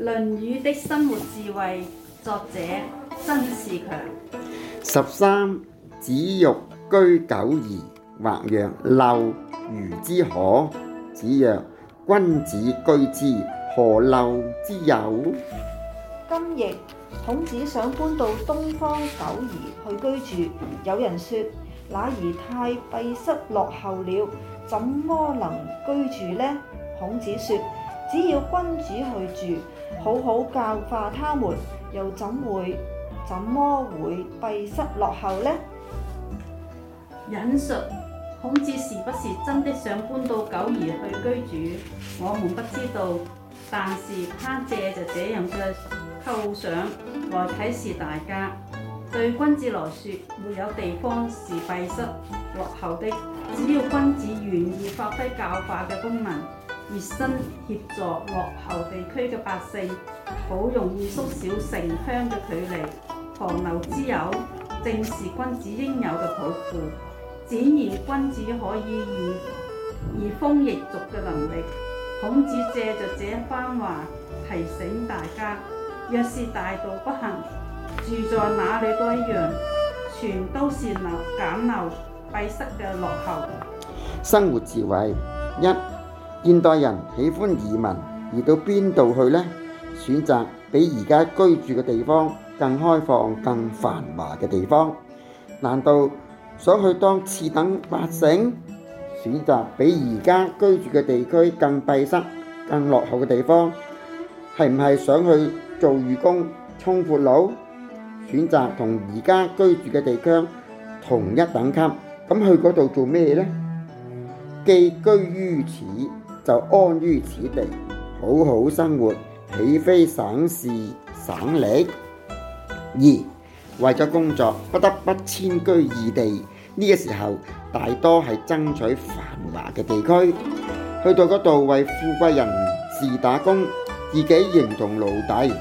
《論語》的生活智慧，作者曾仕強。強十三，子欲居九夷，或曰陋如之何。子曰：君子居之，何陋之有？今亦，孔子想搬到東方九夷去居住，有人說那兒太閉塞落後了，怎麼能居住呢？孔子說，只要君子去住。好好教化他們，又怎會怎麼會閉塞落後呢？引述孔子是不是真的想搬到九夷去居住？我們不知道，但是他借着這樣嘅構想來啟示大家，對君子來說，沒有地方是閉塞落後的，只要君子願意發揮教化嘅功能。熱心協助落後地區嘅百姓，好容易縮小城鄉嘅距離。何陋之有，正是君子應有嘅抱負，展現君子可以移風易俗嘅能力。孔子借着這番話提醒大家：若是大道不行，住在哪裏都一樣，全都是流簡陋閉塞嘅落後。生活智慧一。現代人喜歡移民，移到邊度去呢？選擇比而家居住嘅地方更開放、更繁華嘅地方，難道想去當次等百姓？選擇比而家居住嘅地區更閉塞、更落後嘅地方，係唔係想去做義工、充闊佬？選擇同而家居住嘅地區同一等級，咁去嗰度做咩呢？寄居於此。就安於此地，好好生活，豈非省事省力？二、為咗工作，不得不遷居異地，呢個時候大多係爭取繁華嘅地區，去到嗰度為富貴人士打工，自己形同奴隸。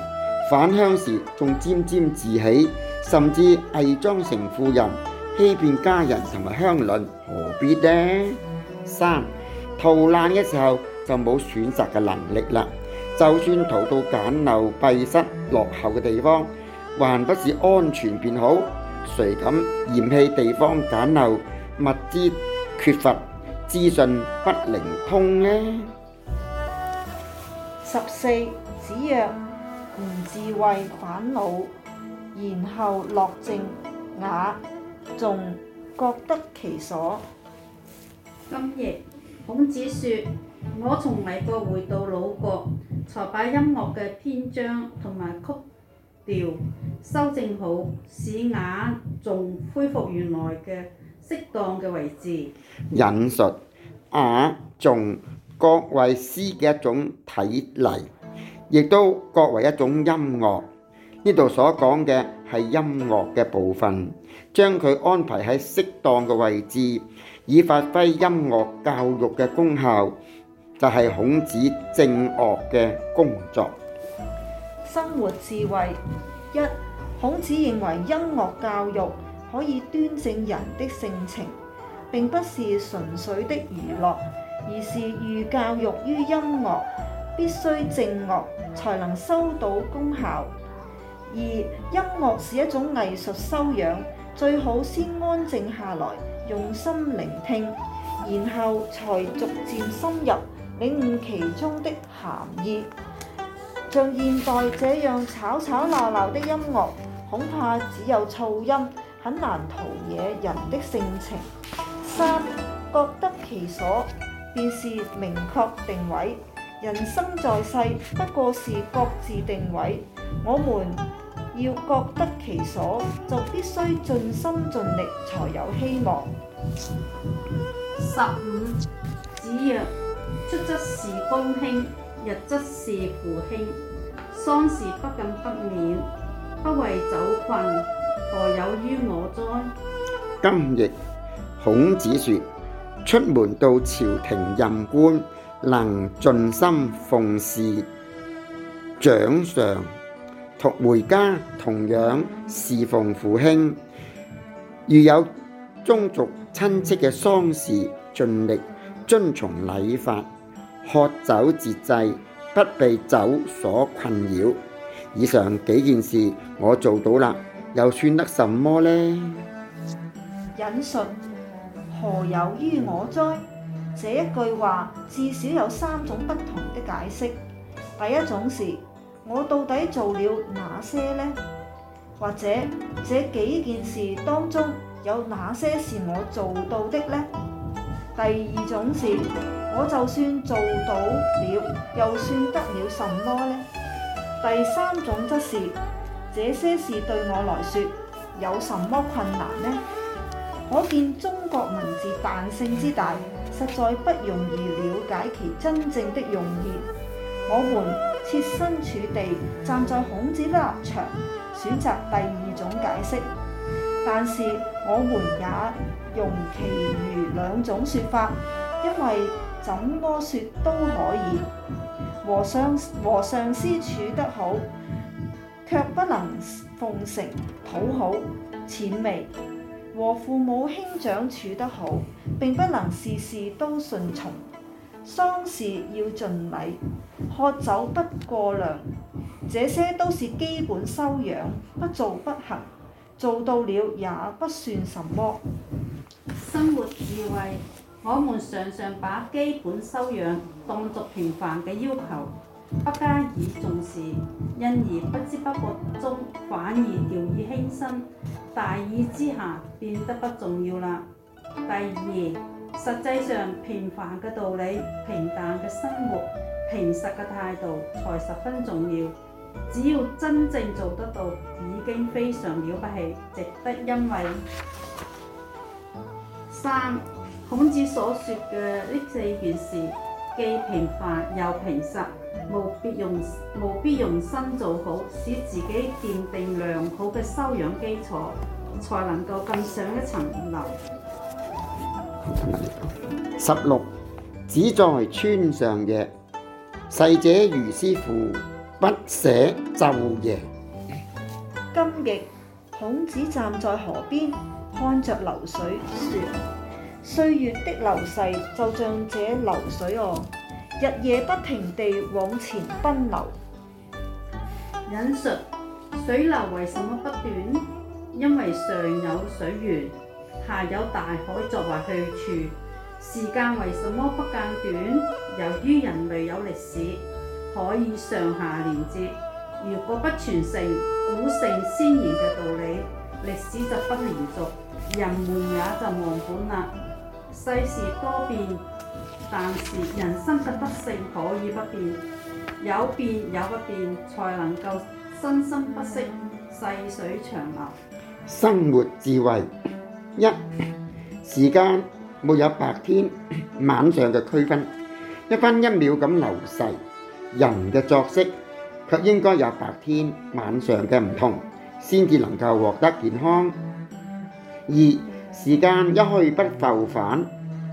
返鄉時仲沾沾自喜，甚至偽裝成富人，欺騙家人同埋鄉鄰，何必呢？三逃難嘅時候就冇選擇嘅能力啦，就算逃到簡陋閉塞落後嘅地方，還不是安全便好？誰敢嫌棄地方簡陋、物資缺乏、資訊不靈通呢？十四，子曰：吾自衛反魯，然後樂正，雅，頌各得其所。今夜。孔子說：我從衛國回到魯國，才把音樂嘅篇章同埋曲調修正好，使雅頌恢復原來嘅適當嘅位置。引述雅頌、啊、各為詩嘅一種體例，亦都各為一種音樂。呢度所講嘅係音樂嘅部分，將佢安排喺適當嘅位置。以發揮音樂教育嘅功效，就係、是、孔子正樂嘅工作。生活智慧。一，孔子認為音樂教育可以端正人的性情，並不是純粹的娛樂，而是寓教育於音樂，必須正樂才能收到功效。二，音樂是一種藝術修養，最好先安靜下來。用心聆聽，然後才逐漸深入領悟其中的含義。像現代這樣吵吵鬧鬧的音樂，恐怕只有噪音，很難陶冶人的性情。三，各得其所，便是明確定位。人生在世，不過是各自定位。我們。要各得其所，就必須盡心盡力，才有希望。十五，子曰：出則事公卿，入則事父兄。喪事不敢不勉，不為酒困，何有於我哉？今亦，孔子說：出門到朝廷任官，能盡心奉事長上。同回家，同樣侍奉父兄；如有宗族親戚嘅喪事，盡力遵從禮法，喝酒節制，不被酒所困擾。以上幾件事，我做到啦，又算得什麼呢？引述何有於我哉？這一句話至少有三種不同的解釋。第一種是。我到底做了哪些呢？或者這幾件事當中有哪些是我做到的呢？第二種是我就算做到了，又算得了什麼呢？第三種則、就是這些事對我來說有什麼困難呢？可見中國文字彈性之大，實在不容易了解其真正的用意。我們。設身處地站在孔子立場，選擇第二種解釋。但是我們也用其餘兩種說法，因為怎麼說都可以。和，和上和上司處得好，卻不能奉承討好淺微；和父母兄長處得好，並不能事事都順從。喪事要盡禮，喝酒不過量，這些都是基本修養，不做不行。做到了也不算什麼。生活智慧，我們常常把基本修養當作平凡嘅要求，不加以重視，因而不知不覺中反而掉以輕心，大意之下變得不重要啦。第二。實際上，平凡嘅道理、平淡嘅生活、平實嘅態度，才十分重要。只要真正做得到，已經非常了不起，值得欣慰。三，孔子所說嘅呢四件事，既平凡又平實，務必用務必用心做好，使自己奠定良好嘅修養基礎，才能夠更上一層樓。十六，子在川上曰：逝者如斯夫，不舍晝夜。今譯，孔子站在河邊，看着流水，說：歲月的流逝，就像這流水哦、啊，日夜不停地往前奔流。引述：水流為什麼不斷？因為尚有水源。下有大海作為去處，時間為什麼不間斷？由於人類有歷史，可以上下連接。如果不傳承古聖先賢嘅道理，歷史就不連續，人們也就忘本啦。世事多變，但是人生嘅德性可以不變。有變有不變，才能夠生生不息，細水長流。生活智慧。一時間沒有白天晚上嘅區分，一分一秒咁流逝，人嘅作息卻應該有白天晚上嘅唔同，先至能夠獲得健康。二時間一去不復返，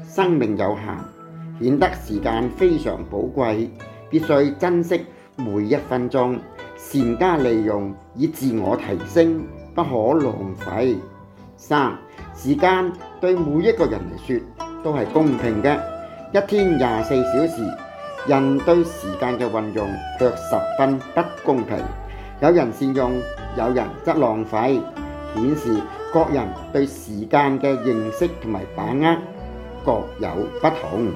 生命有限，顯得時間非常寶貴，必須珍惜每一分鐘，善加利用，以自我提升，不可浪費。三時間對每一個人嚟，說都係公平嘅，一天廿四小時，人對時間嘅運用卻十分不公平，有人善用，有人則浪費，顯示各人對時間嘅認識同埋把握各有不同。